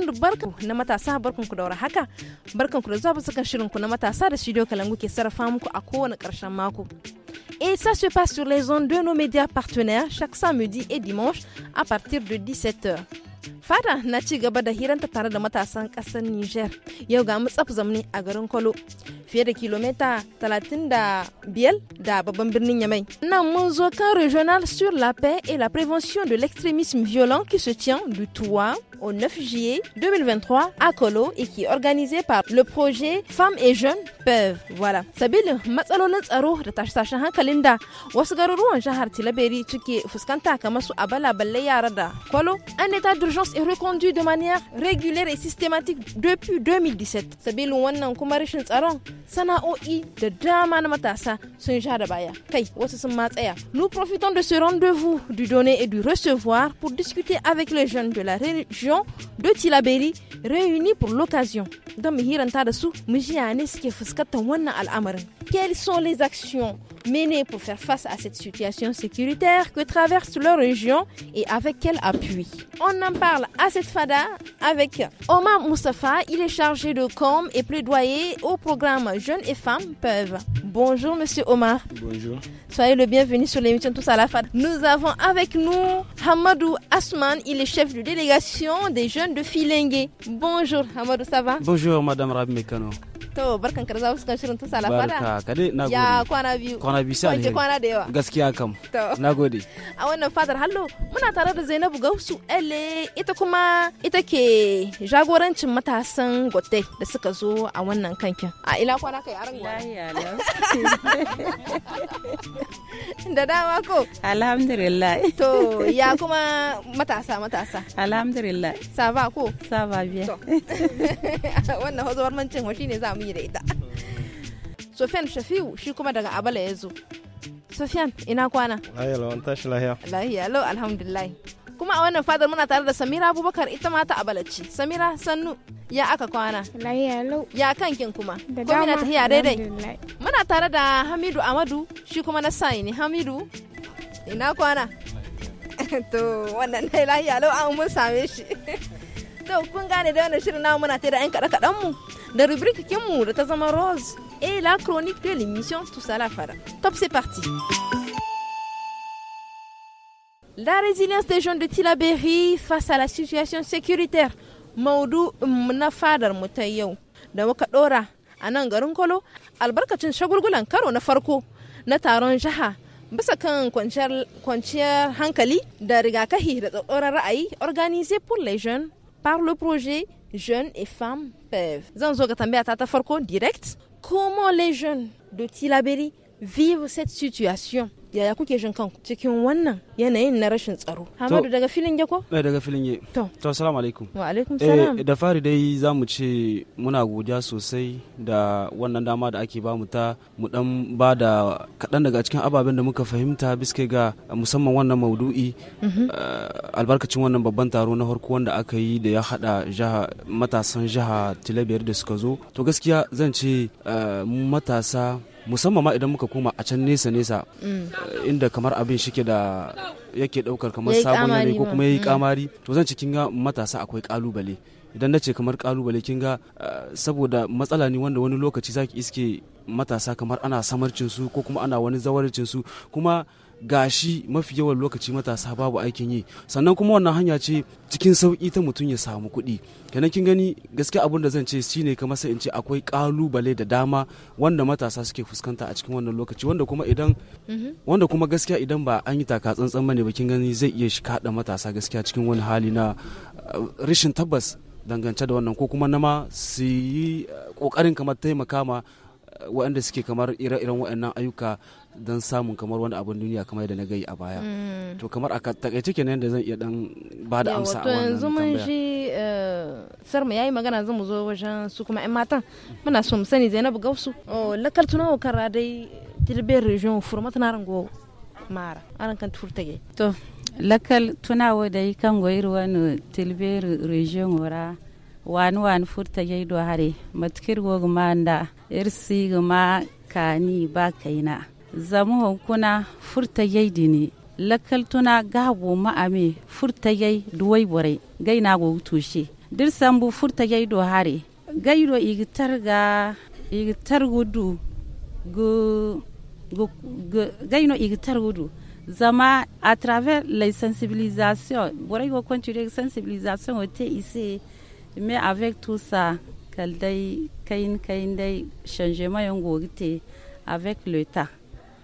Muhammadu barkan na matasa barkan ku daura haka barkan ku da zuwa bisa shirin ku na matasa da studio Kalangu ke sarrafa muku a kowane ƙarshen mako. Et ça se passe sur les ondes de nos médias partenaires chaque samedi et dimanche à partir de 17h. Fara na ci gaba da hiranta tare da matasan ƙasar Niger. Yau ga mutsaf zamani a garin Kwalo, fiye da kilomita 35 da babban birnin Yamai. Nan mun zo kan regional sur la paix et la prévention de l'extrémisme violent qui se tient du 3 au 9 juillet 2023 à Kolo et qui est organisé par le projet Femmes et Jeunes peuvent. Voilà. Sabilin matsalolin tsaro da tashe-tashen hankalin da wasu garuruwan jahar Tilaberi suke fuskanta kamar abala balayarada. yara Kolo. Un état d'urgence est reconduit de manière régulière et systématique depuis 2017. Sabilin wannan kuma rashin tsaron sana'o'i da dama na matasa sun sha baya. Kai wasu sun ma tsaya. Nous profitons de ce rendez-vous du donner et du recevoir pour discuter avec les jeunes de la région de Tiliaberi réunis pour l'occasion. Dans mes hiérantadesou, m'agit à un esquif al amarin. Quelles sont les actions? menées pour faire face à cette situation sécuritaire que traverse leur région et avec quel appui. On en parle à cette fada avec Omar Moussafa. Il est chargé de com et plaidoyer au programme Jeunes et Femmes Peuvent. Bonjour, monsieur Omar. Bonjour. Soyez le bienvenu sur l'émission Tous à la fada. Nous avons avec nous Hamadou Asman. Il est chef de délégation des jeunes de Filengue. Bonjour, Hamadou, ça va Bonjour, madame Mekano. to barkan karza fuskan shirin ta sala barka kade na gode ya kwana biyu kwana biyu sai kwana da yawa gaskiya kam na gode. a wannan fadar hallo muna tare da Zainabu Gausu ele ita kuma ita ke jagorancin matasan gote da suka zo a wannan kankin a ila kwana kai aran da dama ko alhamdulillah to ya kuma matasa matasa alhamdulillah ba ko ba biya wannan hozo warmancin wa shine za mu muyi da ita sofian shafiu shi kuma daga abala ya zo sofian ina kwana Lahiya, lawan tashi lahiya lahiya lau alhamdulillah kuma a wannan fadar muna tare da samira abubakar ita ma ta abalaci samira sannu ya aka kwana lahiya lau ya kankin kuma da dama na tahiya daidai muna tare da hamidu amadu shi kuma na sayi ne hamidu ina kwana to wannan dai lahiya lau an mun same shi to kun gane da wannan shirin namu muna tare da yan kaɗe-kaɗen mu la rubrique Kemour, Tazama Rose et la chronique de l'émission Tout ça la Fara. Top, c'est parti. La résilience des jeunes de Tilaberi face à la situation sécuritaire. Maudou Mnafadar Moutayou. Da waka dora a nan garin Kolo albarkacin shagulgulan karo na farko na taron jiha bisa kan kwanciyar hankali da rigakafi da tsatsauran ra'ayi organisé pour les jeunes par le projet jeunes et femmes peuvent. Tata Comment les jeunes de Tilaberi vivent cette situation yaya kuke jin kanku cikin wannan yanayin na rashin tsaro hamadu daga filin ko eh daga filin ye to to assalamu alaikum wa alaikum salam eh da fari dai zamu ce muna godiya sosai da wannan dama da ake bamu ta mu dan ba da kadan daga cikin ababen da muka fahimta biske ga musamman wannan maudu'i mhm. eh, albarkacin wannan babban taro na harko wanda aka yi da ya hada jiha matasan jiha tilabiyar da suka zo to gaskiya zan ce eh, matasa musamman ma idan muka koma a can nesa nesa mm. eh, inda kamar abin shike da yake daukar kamar sabon yanayi ko kuma yayi kamari mm. to zan cikin ga matasa akwai kalubale idan na ce kamar kalubale kin ga eh, saboda matsala ne wanda wani lokaci zaki iske matasa kamar ana samarcin su ko kuma ana wani zawarcin su kuma gashi mafi yawan lokaci matasa babu aikin yi sannan kuma wannan hanya ce cikin sauki ta mutum ya samu kuɗi kenan kin gani gaskiya abin da zan ce shi ne kamar sai in ce akwai kalubale da dama wanda matasa suke fuskanta a cikin wannan lokaci wanda kuma idan mhm. wanda kuma gaskiya idan ba an yi taka tsantsan bane ba kin gani zai iya shi kada matasa gaskiya cikin wani hali na eh, rashin tabbas dangance da wannan ko kuma na ma su yi kokarin eh, kamar taimaka ma waɗanda suke kamar ire-iren waɗannan ayyuka don samun kamar wani abin duniya kamar yadda na gai a baya mm. to kamar a takaice kenan yadda zan iya dan ba da amsa a wannan tambaya yanzu mun shi eh, sarma yayi magana zan mu zo wajen su kuma ɗan matan muna so mu sani Zainabu Gausu oh lakal tunawo kara dai tilbe region furmata na rango mara aran kan turtage to lakal tunawo dai kan goyirwa no tilbe region wara wani wani furta jaido hare matkir go guma da irsi ka kani ba kaina zamu kuna furta ya yi ne lakaltuna gabo ma'ame furta ya yi duwai bore gaina go tushe dirsan bu furta ya hare do igitar ga igitar gudu gu igitar gudu zama a travers les sensibilisation borai go continuer sensibilisation o te ise me avec tout ça kal dai kain kain dai changement yon gorite avec le temps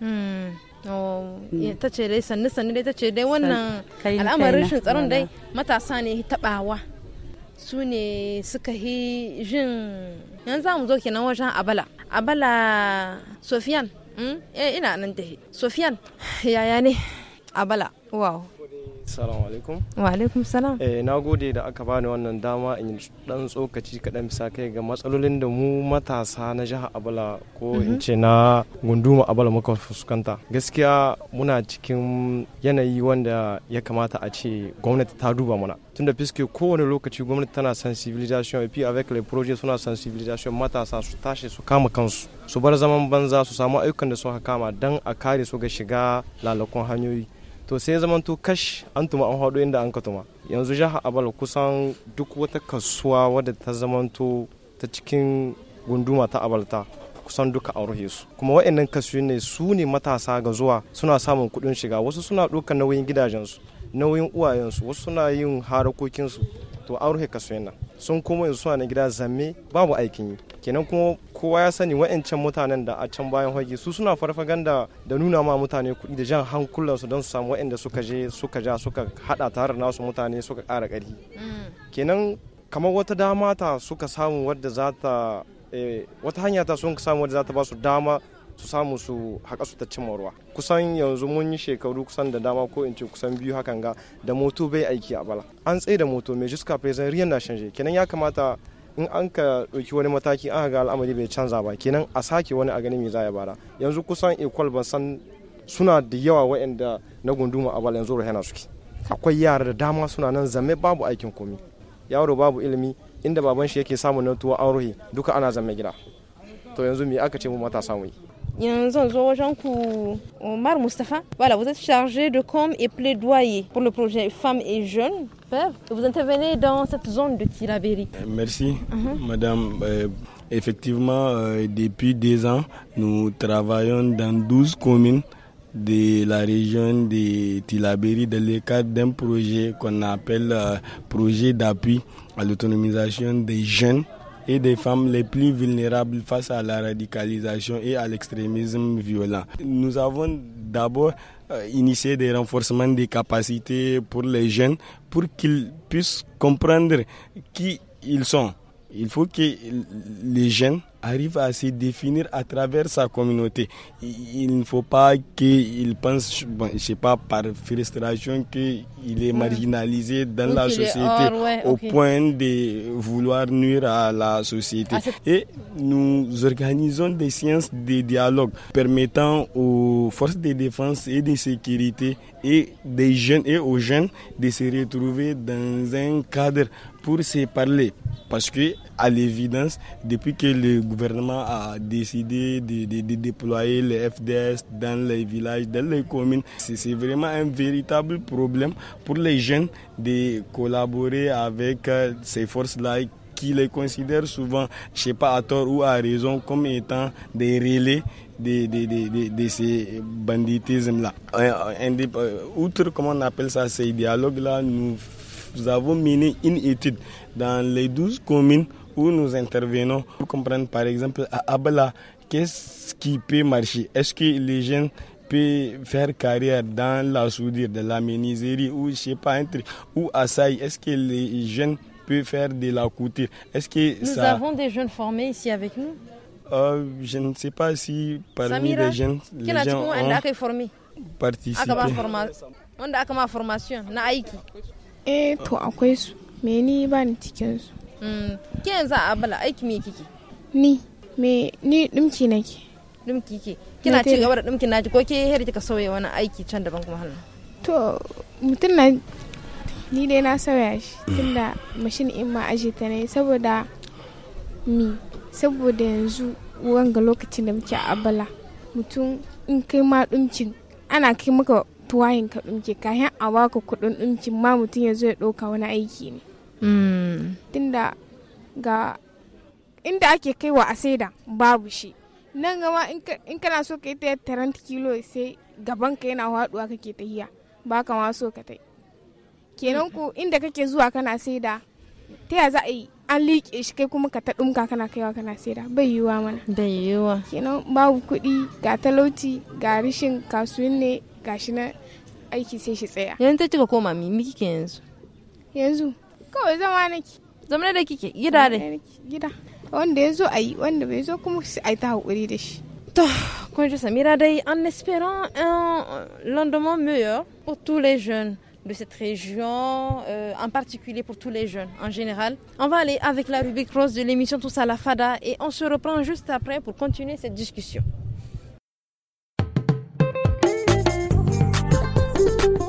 hmm. oh, hmm. ta ce dai sannu sannu dai ta ce dai wannan al'amarin shi tsaron dai matasa ne tabawa su ne suka yi jin yanzu mu zo kenan wajen abala abala sofiyan hmm? eh, ina nan tahi sofiyan yaya ne abala wow Salamu alaikum. Wa alaikum salam. Eh, na gode da aka bani wannan dama in dan tsokaci kaɗan bisa kai ga matsalolin da mu matasa na jihar Abala ko in mhm. ce na gunduma Abala muka fuskanta. Gaskiya muna cikin yanayi wanda ya kamata a ce gwamnati ta duba mana. Tunda fiske kowane lokaci gwamnati tana sensibilisation et puis avec les projets suna sensibilisation matasa su tashi su kama kansu. Su bar zaman banza su samu ayyukan da suka kama dan a kare su ga shiga lalakon hanyoyi. to sai zaman to kash an tuma an hado inda an ka tuma yanzu jihar abal kusan duk wata kasuwa wadda ta zamanto ta cikin gunduma ta abalta kusan duka an rufe su kuma wa'annan kasuwa ne su ne matasa ga zuwa suna samun kuɗin shiga wasu suna ɗaukar nauyin gidajensu nauyin uwayensu wasu suna yin harakokinsu to an rufe kasuwa nan sun kuma yanzu suna na gida zamme babu aikin yi kenan kuma kowa ya sani wa'ancan mutanen da a can bayan hoge su suna farfaganda da nuna ma mutane kuɗi da jan hankulansu don su samu wa'anda suka je suka ja suka haɗa tare nasu mutane suka ƙara ƙarfi mm. kenan kamar wata dama ta suka samu wadda za ta eh, wata hanya ta sun samu wadda za ta ba su dama su samu su haƙa su ta cimma ruwa kusan yanzu mun yi shekaru kusan da dama ko in ce kusan biyu hakan ga da moto bai aiki a bala an tsaye da moto mai jiska present riyan na shanje kenan ya kamata in an ka ɗauki wani mataki aka ga al'amari bai canza ba kenan a sake wani a gani mai za bara yanzu kusan ikwal ban san suna da yawa waɗanda na gunduma a bala yanzu yana suke akwai yara da dama suna nan zame babu aikin komi yaro babu ilimi inda baban shi yake samun nan an ruhi duka ana zame gida to yanzu me aka ce mu mata samu. yi Omar Mustafa. Voilà, vous êtes chargé de com et plaidoyer pour le projet Femmes et Jeunes. Vous intervenez dans cette zone de Tilabéry. Euh, merci, uh-huh. madame. Euh, effectivement, euh, depuis deux ans, nous travaillons dans 12 communes de la région de Tilaberi dans le cadre d'un projet qu'on appelle projet d'appui à l'autonomisation des jeunes et des femmes les plus vulnérables face à la radicalisation et à l'extrémisme violent. Nous avons d'abord euh, initié des renforcements des capacités pour les jeunes pour qu'ils puissent comprendre qui ils sont. Il faut que les jeunes arrive à se définir à travers sa communauté. Il ne faut pas qu'il pense, je je sais pas, par frustration hmm. qu'il est marginalisé dans la société au point de vouloir nuire à la société. Ah, et nous organisons des séances de dialogue permettant aux forces de défense et de sécurité et des jeunes et aux jeunes de se retrouver dans un cadre pour se parler parce que à l'évidence depuis que le gouvernement gouvernement a décidé de, déployer les FDS dans les villages, dans les communes. C'est vraiment un véritable problème pour les jeunes de collaborer avec euh, ces forces-là qui les considèrent souvent, je ne sais pas à tort ou à raison, comme étant des relais de, de ces banditismes-là. Euh, outre, comment on appelle ça, ces dialogues-là, nous avons mené une étude dans les 12 communes où nous intervenons pour comprendre par exemple à Abala qu'est-ce qui peut marcher. Est-ce que les jeunes peuvent faire carrière dans la soudure, de la menuiserie ou je sais pas ou à Saï, est-ce que les jeunes peuvent faire de la couture Est-ce que nous avons des jeunes formés ici avec nous euh, Je ne sais pas si parmi les jeunes, les gens ont formé. Ah, ma formation formation, Mm. Ke yanzu a bala aiki me kike? Ni, me ni dumki nake. Dumki ke. Kina ci gaba da dumkin naki ko ke hera kika sauya wani aiki can daban kuma hannu? To, mutum na ni dai na sauya shi tunda mashin in ma aje ta ne saboda mi saboda yanzu wanga lokacin da muke a bala mutum in kai ma dumcin ana kai maka tuwayin ka dumke kayan a baka kudin dumcin ma mutum ya zo ya dauka wani aiki ne tunda ga inda ake kaiwa a saida babu shi nan gama in kana so ka yi ta taranti kilo sai gaban ka yana haduwa kake tahiya ba ka ma so ka tai kenan ku inda kake zuwa kana saida ta yaza za a yi an liƙe shi kai kuma ka ta ɗumka kana kaiwa kana saida bai yiwuwa mana bai yiwuwa kenan babu kuɗi ga talauci ga rishin kasuwin ne ga shi na aiki sai shi tsaya yanzu ta cika koma mi miki yanzu yanzu ta to en espérant un lendemain meilleur pour tous les jeunes de cette région, euh, en particulier pour tous les jeunes en général. On va aller avec la rubrique rose de l'émission Tous à la Fada et on se reprend juste après pour continuer cette discussion.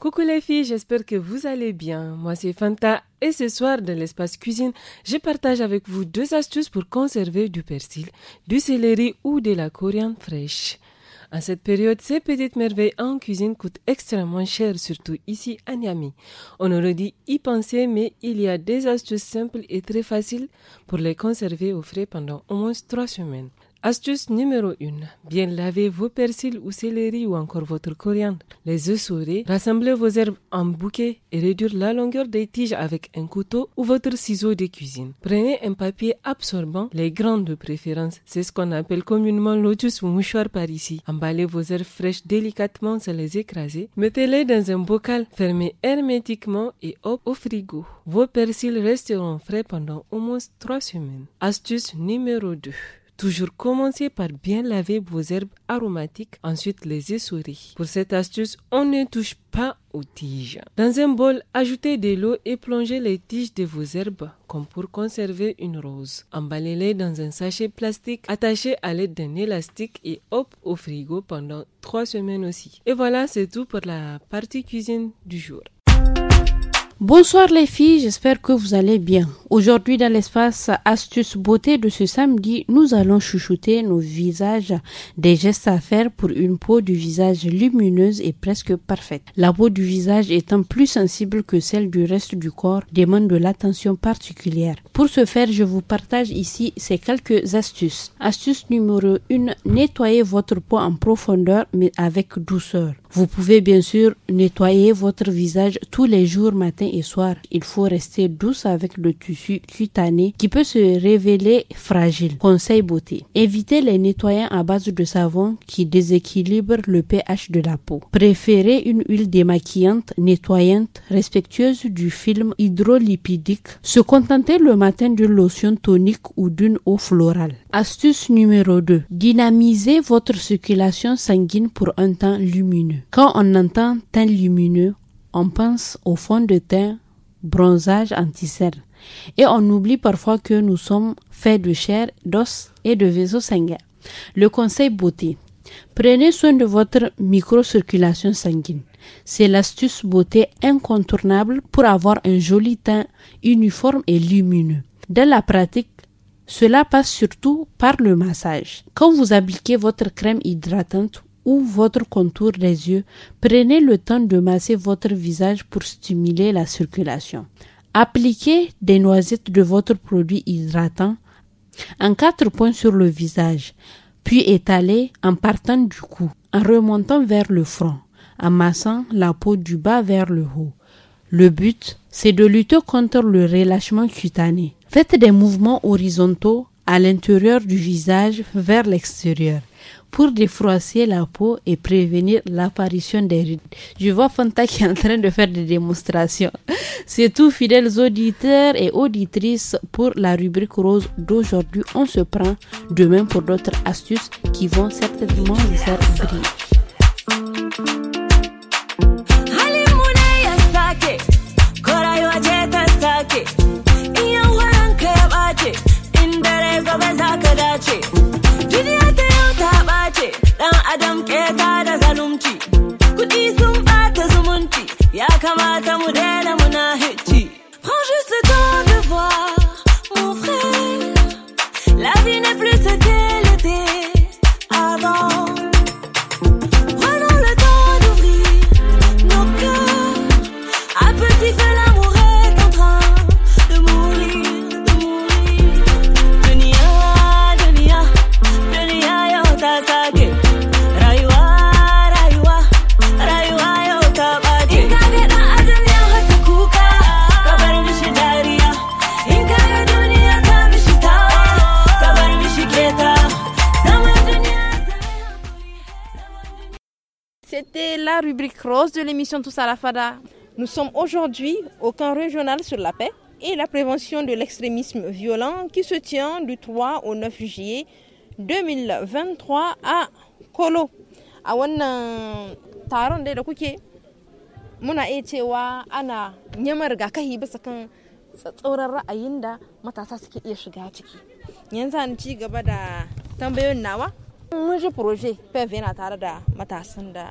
Coucou les filles, j'espère que vous allez bien. Moi c'est Fanta et ce soir dans l'espace cuisine, je partage avec vous deux astuces pour conserver du persil, du céleri ou de la coriandre fraîche. En cette période, ces petites merveilles en cuisine coûtent extrêmement cher, surtout ici à Niamey. On aurait dit y penser, mais il y a des astuces simples et très faciles pour les conserver au frais pendant au moins trois semaines. Astuce numéro 1. Bien laver vos persils ou céleri ou encore votre coriandre. Les œufs souris rassemblez vos herbes en bouquet et réduire la longueur des tiges avec un couteau ou votre ciseau de cuisine. Prenez un papier absorbant, les grandes de préférence. C'est ce qu'on appelle communément lotus ou mouchoir par ici. Emballez vos herbes fraîches délicatement sans les écraser. Mettez-les dans un bocal, fermé hermétiquement et hop au frigo. Vos persils resteront frais pendant au moins 3 semaines. Astuce numéro 2. Toujours commencez par bien laver vos herbes aromatiques, ensuite les essorer. Pour cette astuce, on ne touche pas aux tiges. Dans un bol, ajoutez de l'eau et plongez les tiges de vos herbes comme pour conserver une rose. Emballez-les dans un sachet plastique, attachez à l'aide d'un élastique et hop au frigo pendant 3 semaines aussi. Et voilà, c'est tout pour la partie cuisine du jour. Bonsoir les filles, j'espère que vous allez bien. Aujourd'hui, dans l'espace astuce beauté de ce samedi, nous allons chouchouter nos visages, des gestes à faire pour une peau du visage lumineuse et presque parfaite. La peau du visage étant plus sensible que celle du reste du corps, demande de l'attention particulière. Pour ce faire, je vous partage ici ces quelques astuces. Astuce numéro 1, nettoyez votre peau en profondeur mais avec douceur. Vous pouvez bien sûr nettoyer votre visage tous les jours matin et soir. Il faut rester douce avec le tissu cutanée qui peut se révéler fragile. Conseil beauté. Évitez les nettoyants à base de savon qui déséquilibrent le pH de la peau. Préférez une huile démaquillante, nettoyante, respectueuse du film hydrolipidique. Se contenter le matin d'une lotion tonique ou d'une eau florale. Astuce numéro 2. Dynamisez votre circulation sanguine pour un temps lumineux. Quand on entend teint lumineux, on pense au fond de teint bronzage anti et on oublie parfois que nous sommes faits de chair, d'os et de vaisseaux sanguins. Le conseil beauté. Prenez soin de votre microcirculation sanguine. C'est l'astuce beauté incontournable pour avoir un joli teint uniforme et lumineux. Dans la pratique, cela passe surtout par le massage. Quand vous appliquez votre crème hydratante ou votre contour des yeux, prenez le temps de masser votre visage pour stimuler la circulation. Appliquez des noisettes de votre produit hydratant en quatre points sur le visage, puis étalez en partant du cou, en remontant vers le front, en massant la peau du bas vers le haut. Le but, c'est de lutter contre le relâchement cutané. Faites des mouvements horizontaux à l'intérieur du visage vers l'extérieur pour défroisser la peau et prévenir l'apparition des rides. Je vois Fanta qui est en train de faire des démonstrations. C'est tout, fidèles auditeurs et auditrices, pour la rubrique rose d'aujourd'hui. On se prend demain pour d'autres astuces qui vont certainement vous faire briller. Tous à la Fada. Nous sommes aujourd'hui au camp régional sur la paix et la prévention de l'extrémisme violent qui se tient du 3 au 9 juillet 2023 à Kolo. A wannan taron dai da kuke muna iya cewa ana nyamar rigakahi bisa kan tsatsauran ra'ayin da matasa suke iya shiga ciki. Yanzu an ci gaba da tambayoyin nawa mun ji proje PEV yana tare da matasan da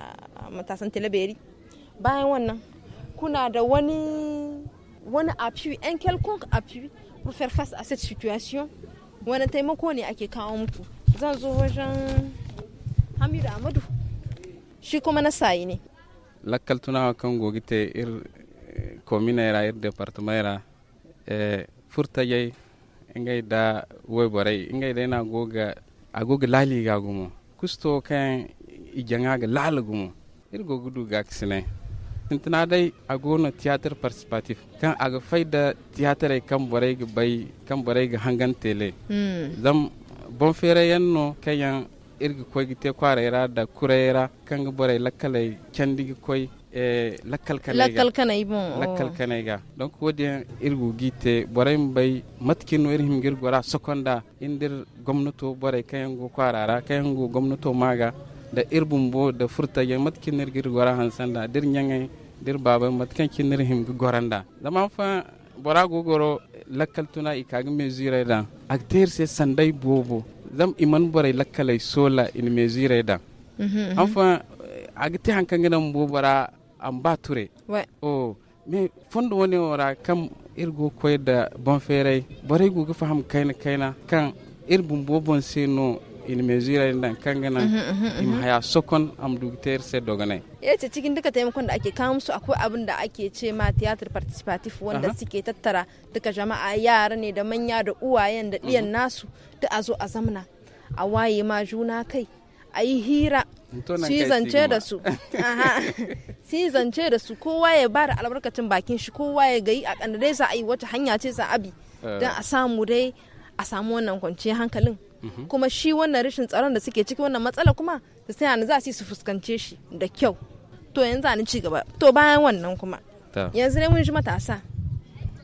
matasan Tilaberi. bayan wannan kuna da wani wani appui un quelconque appui pour faire face à cette situation wani taimako ne ake kawo muku zan zo wajen hamidu amadu shi kuma na sayi ne lakkal tunawa kan ta ir komina yara ir departement yara e, furta yai ingai da wai borai ingai da yana goga a goga lali ga gumo kusto kan iganga ga lali gumo ir gogudu ga kisine tuntuna dai a gona tiyatar participative kan a ga fai da ai kan borai ga bai kan borai ga hangan tele hmm. zam bon fere yanno kayan irgi ga te kwarera da kurera kan ga borai lakalai candigi ga Eh, lakkal kanai lakkal kanai bon oh. lakkal kanai ga donc wodi irgu gite boray bai matkin no irhim gir gora sokonda indir gomnato boray kayango kwarara kayango gomnato maga da irbun bo da furta ya matkin nirgir gora hansan da dir nyanga dir baba matkan kinir him da zaman fa bora gogoro lakkal tuna ikagin me zirai da akter se sandai bobo zam iman bora lakkalai sola in me zirai da mhm, mhm. an fa agite hankan gidan bo bora an ba ture o me fondo woni ora kam irgo koy da bon fere bora go faham kaina kaina kan irbun bobon se no il mesure dan kangana uhuh, uhuh, uhuh. im haya sokon am dugter se dogane yace cikin duka taimakon da ake kawo musu akwai abin da ake ce ma theater participative wanda suke tattara duka jama'a yara ne da manya da uwayen da diyan nasu duk a zo a zamna a waye ma juna kai a yi hira su zance da su su zance da su kowa ya ba da albarkacin bakin shi kowa ya gayi a kan dai za a yi wata hanya ce za a bi eh. don a samu dai a samu wannan kwanciyar hankalin kuma shi wannan rashin tsaron da suke ciki wannan matsala kuma da sai za su su fuskance shi da kyau to yanzu a ci gaba to bayan wannan kuma yanzu ne mun ji matasa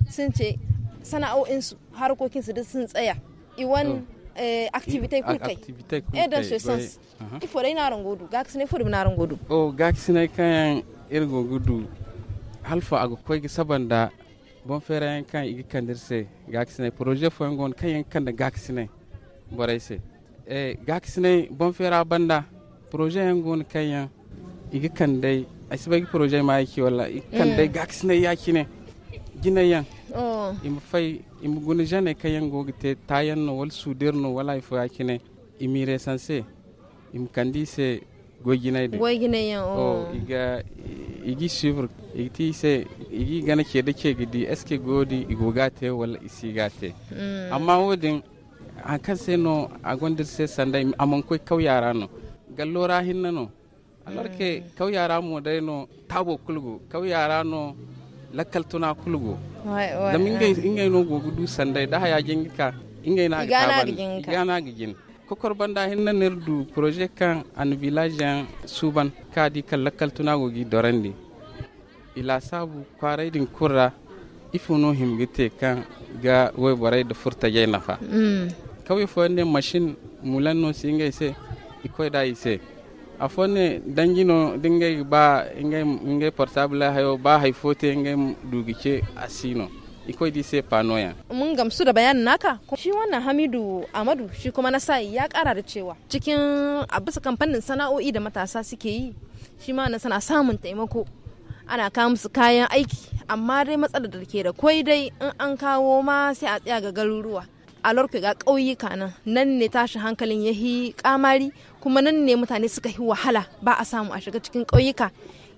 sun ce sana'o'insu su duk sun tsaya iwan eh, activity kun kai dans ce sens il faut na rangodu ga kisne fodi na rangodu oh ga kisne kan irgo gudu alfa ago koy ki sabanda bon fere kan igi kandirse ga kisne projet fo ngon kan kan da ga kisne borai se e eh, gakisine bon fera banda projet yan gon kayan igi kan dai asibai projet ma yake wala kan eh. dai gakisne yaki ne gina yan oh. im fay im guni jane kayan gogite tayan no wal sudir no wala ifu yaki ne imire sanse im kandi se goginai da goginai yan oh, oh. iga igi suivre igi se igi gana ke da ke gidi eske godi igogate wala isigate hmm. amma wodin a kan sai no a gondir sai sanda a man kai kau yara no gallo rahin na no alors que eh. kau yara mo dai no tabo kulgo kau yara no lakkal tuna kulgo da min ga ga no go gudu sanda da haya jingika ga na ga taban gana gijin kokor banda hinna ner du projet kan an village suban kadi kan lakkal tuna gi dorandi ila sabu kwarai din kurra ifuno himgite kan ga wai barai da furta jai nafa mm. kawai no si mulanno se ikwai da ise a ne dangino dingay ba ingay ingay portable hayo ba hay fote dugi ce asino ikoi di se panoya Mun gamsu da bayanin naka? Shi wannan Hamidu Amadu shi kuma na sa'i ya kara da cewa cikin a bisa kamfanin sana'o'i da matasa suke yi shi ma na sana samun taimako ana kawo musu kayan aiki amma dai matsalar da ke da kwai dai in an kawo ma sai a tsaya ga garuruwa alor ga ƙauyuka nan nan ne tashi hankalin ya yi kamari kuma nan ne mutane suka yi wahala ba a samu a shiga cikin ƙauyuka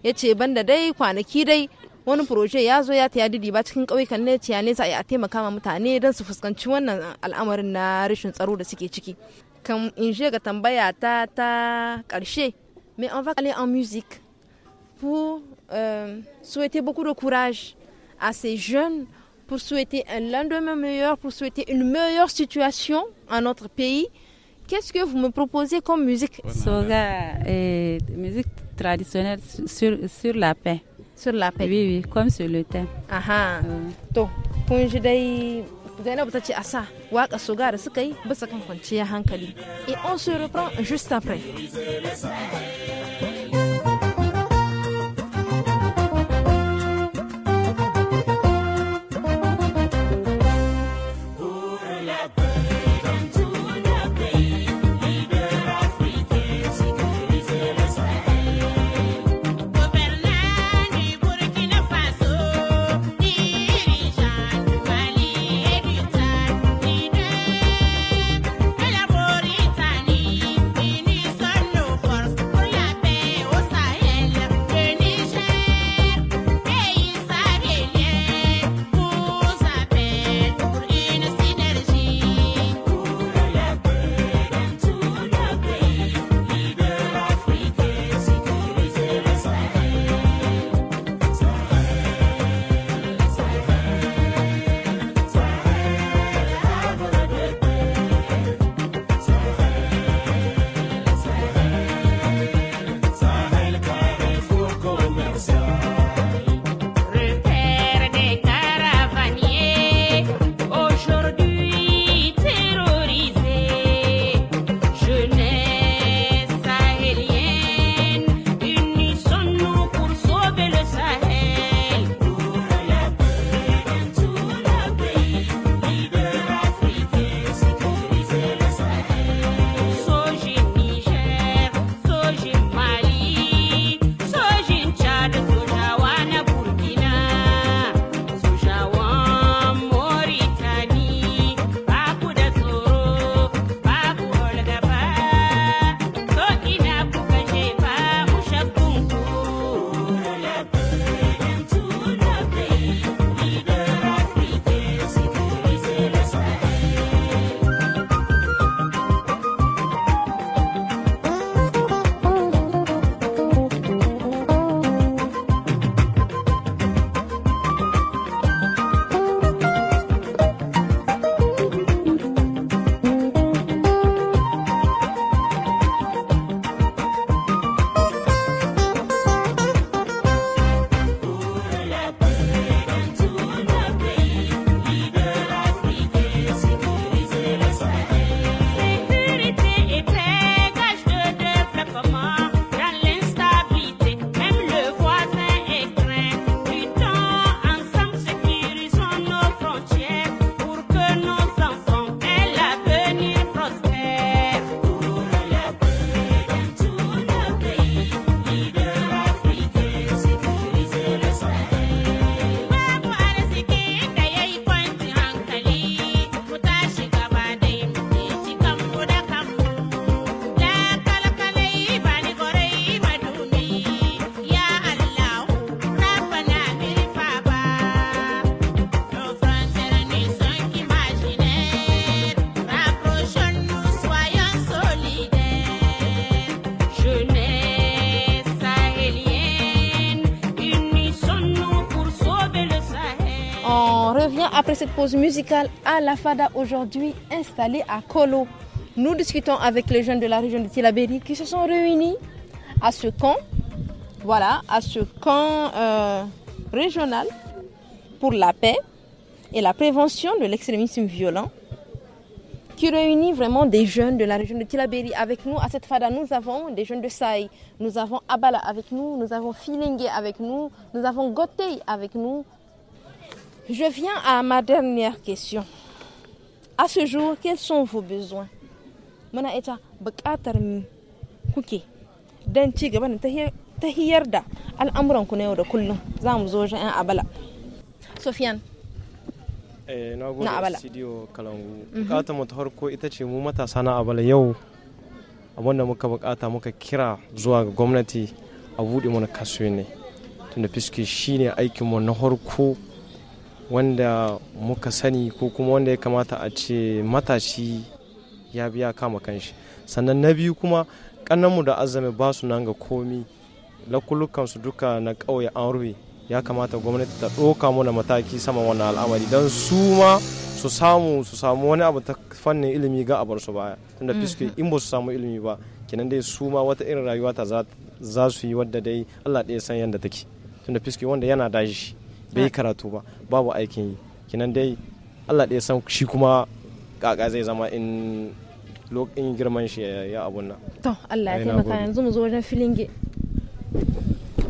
ya ce banda dai kwanaki dai wani proje ya zo ya taya didi ba cikin ƙauyukan ne ciya ne za a taimaka ma mutane don su fuskanci wannan al'amarin na rashin tsaro da suke ciki kan in je ga tambaya ta ta ƙarshe mai an va aller music pour euh, souhaiter beaucoup de courage à ces jeunes pour souhaiter un lendemain meilleur, pour souhaiter une meilleure situation en notre pays. Qu'est-ce que vous me proposez comme musique Soga musique traditionnelle sur, sur la paix. Sur la paix Oui, oui, comme sur le thème. Aha. To, Et on se reprend juste après. cette pause musicale à la Fada aujourd'hui installée à Kolo. Nous discutons avec les jeunes de la région de Tilaberi qui se sont réunis à ce camp, voilà, à ce camp euh, régional pour la paix et la prévention de l'extrémisme violent qui réunit vraiment des jeunes de la région de Tilaberi. Avec nous, à cette fada, nous avons des jeunes de Saï, nous avons Abala avec nous, nous avons Filingue avec nous, nous avons Gotei avec nous, je viens à ma dernière question. À ce jour, quels sont vos besoins Mana ita Kuki, kuke ci gaba da na da kullum zo abala. Sofiane, Eh, na gode na studio kalangu mhm. bukatar na abala yau muka bukata muka kira zuwa gwamnati a mana na wanda muka sani ko kuma wanda ya kamata a ce matashi ya biya kama kanshi sannan na biyu kuma kannanmu da azumi ba su nan ga komi lakulukansu duka na ƙauye an rufe ya kamata gwamnati ta ɗauka mana mataki sama wannan al'amari don su ma su samu su samu wani abu ta fannin ilimi ga abar su baya tunda mm-hmm. fiske in ba su samu ilimi ba kenan dai su ma wata irin rayuwa ta za su yi wadda dai Allah ɗaya san yadda take tunda fiske wanda yana dashi bai yi karatu ba babu aikin yi kinan dai allah ɗaya san shi kuma kaka zai zama in lokacin girman shi ya abun nan to allah ya taimaka yanzu mu zo wajen filinge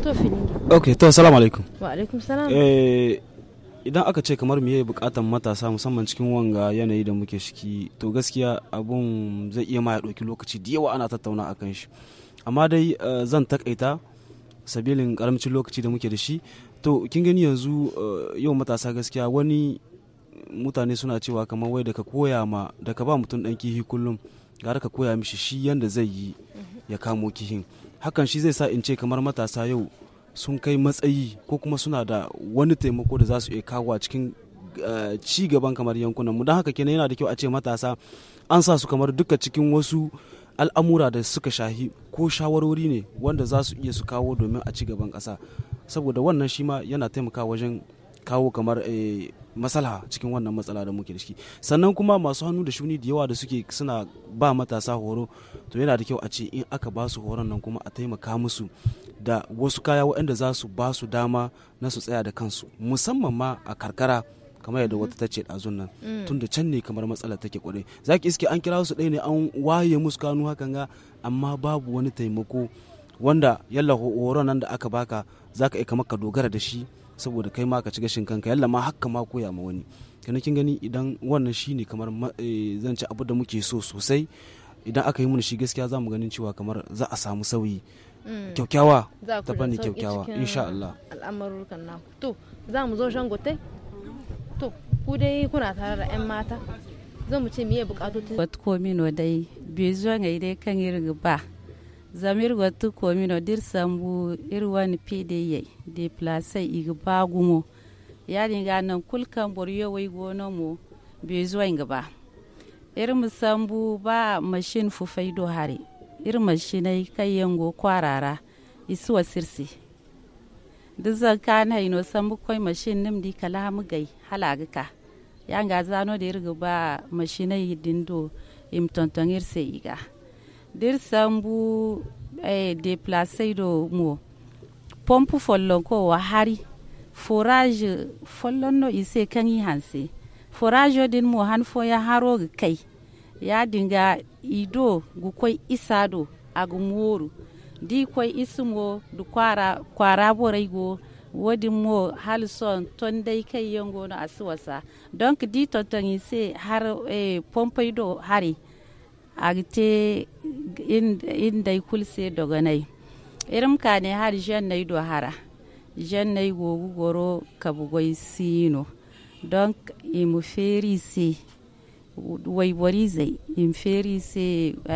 to filinge ok to salamu alaikum wa alaikum salam eh idan aka ce kamar miye bukatan matasa musamman cikin wanga yanayi da muke shiki to gaskiya abun zai iya ma ya ɗauki lokaci da yawa ana tattauna a shi amma dai eh, zan takaita sabilin karamcin lokaci da muke da shi to kin gani yanzu eh, yau matasa gaskiya wani mutane suna cewa kamar wai daga koya ma daga ba mutum ɗan kihi kullum gara ka koya mishi shi yanda zai yi ya kamo kihin hakan shi zai sa in ce kamar matasa yau sun kai matsayi ko kuma suna da wani taimako da za su iya kawo a cikin eh, ci gaban kamar yankunan mu don haka kenan yana da kyau a ce matasa an sa su kamar duka cikin wasu al'amura da suka shahi ko shawarori ne wanda za su iya su kawo domin a ci gaban ƙasa saboda wannan shi ma yana taimakawa wajen kawo kamar eh, masala cikin wannan matsala da muke da shi sannan kuma masu hannu da shuni da yawa da suke suna ba matasa horo to yana da kyau a ce in aka ba su horon nan kuma a taimaka musu da wasu kaya waɗanda za su ba su dama na su tsaya da kansu musamman ma a karkara kamar yadda wata ta ce ɗazun nan mm. tunda can ne kamar matsala take kwarai za ki iske an kira su ɗaya ne an waye musu kanu hakan ga amma babu wani taimako wanda yalla horon nan da aka baka ka iya maka dogara da shi saboda kai ma ka ci gashin kanka yalla ma hakka ma koya ma wani kana kin gani idan wannan shine kamar eh, zan ci abu da muke so sosai idan aka yi mun shi gaskiya za mu ganin cewa kamar za a samu sauyi mm. kyaukyawa ta fanni kyaukyawa insha Allah al'amurukan na to za mu zo shangote to ku dai kuna tare da 'yan mata zan mu ce miye ta wat komino dai bai zo ngai dai kan yi ba zamir watu komino dir sambu irwan pda de place igi bagumo yani ga nan kulkan boryo wai gono mu bi zuwa inga ba ir musambu ba mashin fufai do hare ir kai yango kwarara wa sirsi duk zan kana ino sambu koi mashin nim di kala mu gai halaga ka yanga zano da irga ba mashinai dindo im sai irse iga dir sambu eh, déplacé do mo pompe follon ko wa hari forage follon no ise kan yi hanse forage din mo han fo ya haro kai ya dinga ido gu koi isado agu moru di koi isumo du kwara kwara borai go wodi mo halson ton dai kai yango na asuwasa donc di tonton ise har eh, pompe do hari agite indai kulse doganai ka kane har jennai do hara jennai gogu goro kabugoi sino don imu feri se waibori zai in feri se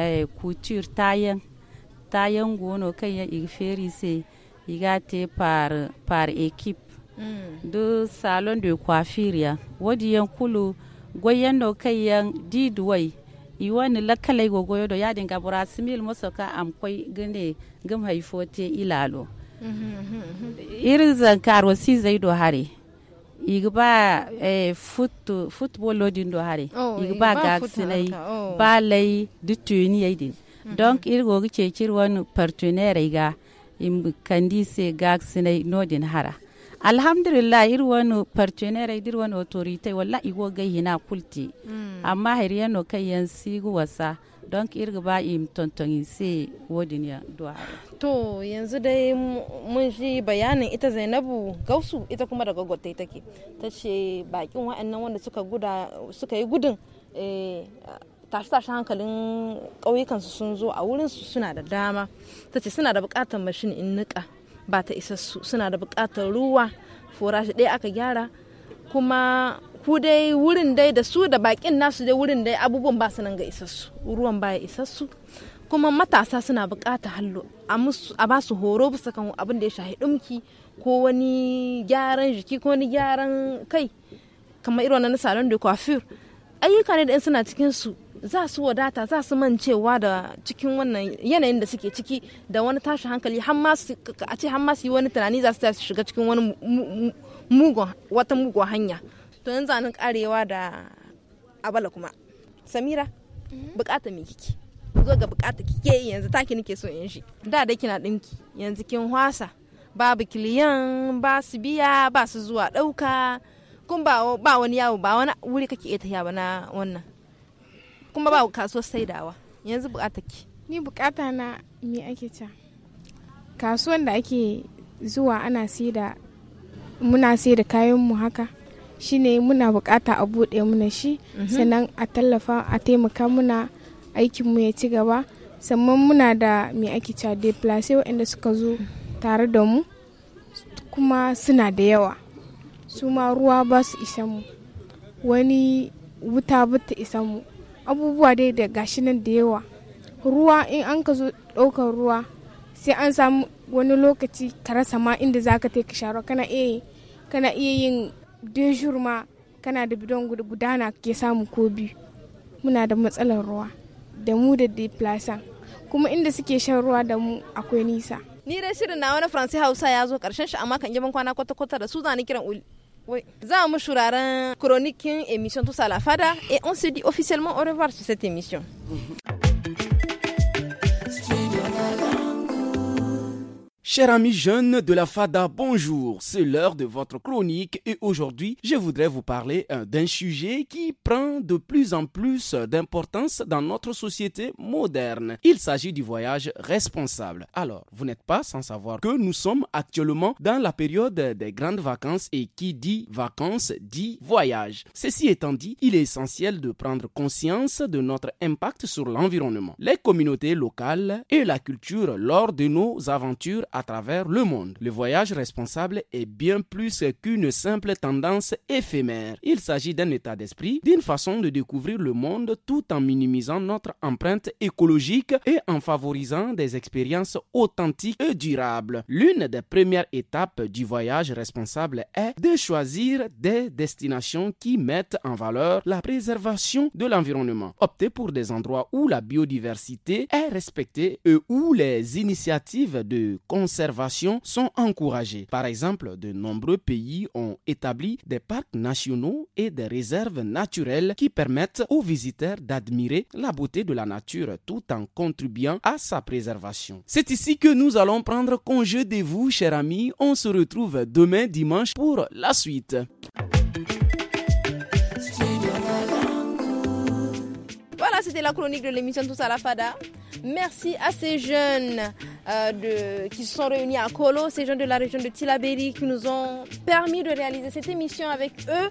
eh, kutur tayan tayan gono kan ya ig feri se igate par par ekip mm. do salon de coiffure ya yan kulu goyen no kan yan iwani lakkalai da yadin gabura simil mosoka am koy gane gam haifote fote ilalo mhm. irin zankar wasi zai do hare igba eh, futu football lodin do hare oh, igba gaksinai oh. ba lai dutuni yadin mhm. donc irgo gice wani partenaire ga im kandi se gaksinai nodin hara alhamdulillah ir wani partenaire dir wani autorité walla igo gai hina kulti mm. amma har yano kai yan sigu wasa don irga ba im tonton se wodin ya duwa to yanzu dai mun ji bayanin ita Zainabu Gausu ita kuma daga gwatai take ce bakin wa'annan wanda suka guda suka yi gudun tashi-tashi eh, hankalin ƙauyukansu sun zo a wurinsu suna da dama ta ce suna da buƙatar mashin in niƙa ba ta isassu suna da bukatar ruwa forashi ɗaya aka gyara kuma ku dai wurin dai da su da bakin nasu dai wurin dai abubuwan ba su nan ga isassu ruwan ba ya isassu kuma matasa suna bukata hallo a ba su horo bisa kan abin da ya shahi dumki ko wani gyaran jiki ko wani gyaran kai kamar irin wannan salon da coiffure ayyuka ne da in suna cikin su za su wadata za su mancewa da cikin wannan yanayin da suke ciki da wani tashi hankali a ce har su yi wani tunani za su shiga cikin wani wata mugun hanya to yanzu zanen karewa da abala kuma samira mhm. bukata mai kiki zo ga bukata kike yanzu taki nake so in shi da da kina dinki yanzu kin hwasa babu kiliyan ba su biya ba su zuwa dauka kun ba wani yawo ba wani wuri kake iya tafiya ba na wannan kuma ba kasuwar saidawa yanzu bukata ki ni bukata na me ake ca kasuwan da ake zuwa ana saida muna saida kayan mu haka shine muna bukata a bude muna shi mhm. sannan a tallafa a taimaka muna aikin mu ya ci gaba sannan muna da me ake ca place waɗanda suka zo tare da mu kuma suna da yawa su ma ruwa ba su isa mu wani wuta ba ta isa mu abubuwa dai da gashi nan da yawa ruwa in an ka zo ɗaukar ruwa sai an samu wani lokaci ka rasa ma inda za ka ka sharo kana iya iya yin dejur ma kana da bidon gudana ke samu ko biyu muna da matsalar ruwa da mu da kuma inda suke shan ruwa da mu akwai nisa ni dai shirin na wani faransi hausa ya zo karshen shi amma kan yi kwana kwata-kwata da su zani kiran uli Oui. Zamu chronique, émission, tout ça, la fada. Et on se dit officiellement au revoir sur cette émission. Chers amis jeunes de la FADA, bonjour, c'est l'heure de votre chronique et aujourd'hui je voudrais vous parler euh, d'un sujet qui prend de plus en plus d'importance dans notre société moderne. Il s'agit du voyage responsable. Alors, vous n'êtes pas sans savoir que nous sommes actuellement dans la période des grandes vacances et qui dit vacances dit voyage. Ceci étant dit, il est essentiel de prendre conscience de notre impact sur l'environnement, les communautés locales et la culture lors de nos aventures à travers le monde. Le voyage responsable est bien plus qu'une simple tendance éphémère. Il s'agit d'un état d'esprit, d'une façon de découvrir le monde tout en minimisant notre empreinte écologique et en favorisant des expériences authentiques et durables. L'une des premières étapes du voyage responsable est de choisir des destinations qui mettent en valeur la préservation de l'environnement. Optez pour des endroits où la biodiversité est respectée et où les initiatives de conservation sont encouragées. Par exemple, de nombreux pays ont établi des parcs nationaux et des réserves naturelles qui permettent aux visiteurs d'admirer la beauté de la nature tout en contribuant à sa préservation. C'est ici que nous allons prendre congé de vous, chers amis. On se retrouve demain dimanche pour la suite. Voilà, c'était la chronique de l'émission Tous à la Fada. Merci à ces jeunes euh, de, qui se sont réunis à Kolo, ces gens de la région de Tilaberi qui nous ont permis de réaliser cette émission avec eux.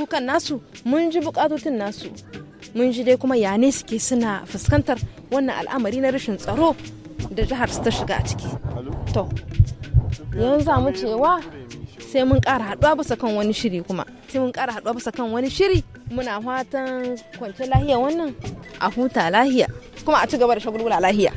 kukan nasu mun ji bukatotin nasu mun ji dai kuma yane suke suna fuskantar wannan al'amari na rashin tsaro da jihar su ta shiga a ciki to yanzu mu cewa sai mun kara haɗuwa bisa kan wani shiri kuma sai mun ƙara haɗuwa bisa kan wani shiri muna fatan kwanciyar lahiya wannan a huta lahiya kuma a ci gaba da shagulgula lahiya